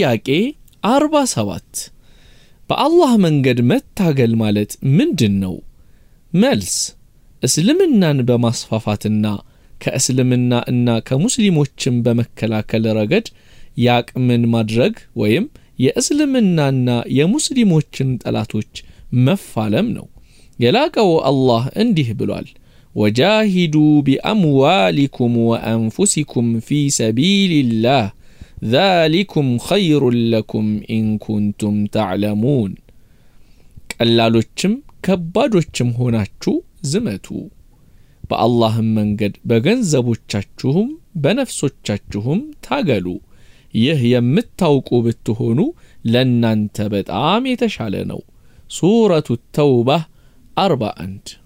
ጥያቄ 47 በአላህ መንገድ መታገል ማለት ምንድን ነው? መልስ እስልምናን በማስፋፋትና ከእስልምና እና ከሙስሊሞችን በመከላከል ረገድ ያቅምን ማድረግ ወይም የእስልምናና የሙስሊሞችን ጠላቶች መፋለም ነው። የላቀው አላህ እንዲህ ብሏል፣ ወጃሂዱ ቢአምዋሊኩም ወአንፉሲኩም ፊ ሰቢልላህ ዛሊኩም ኸይሩን ለኩም ኢንኩንቱም ታዕለሙን ቀላሎችም ከባዶችም ሆናችሁ ዝመቱ በአላህም መንገድ በገንዘቦቻችሁም በነፍሶቻችሁም ታገሉ ይህ የምታውቁ ብትሆኑ ለእናንተ በጣም የተሻለ ነው ሱረቱ ተውባህ 41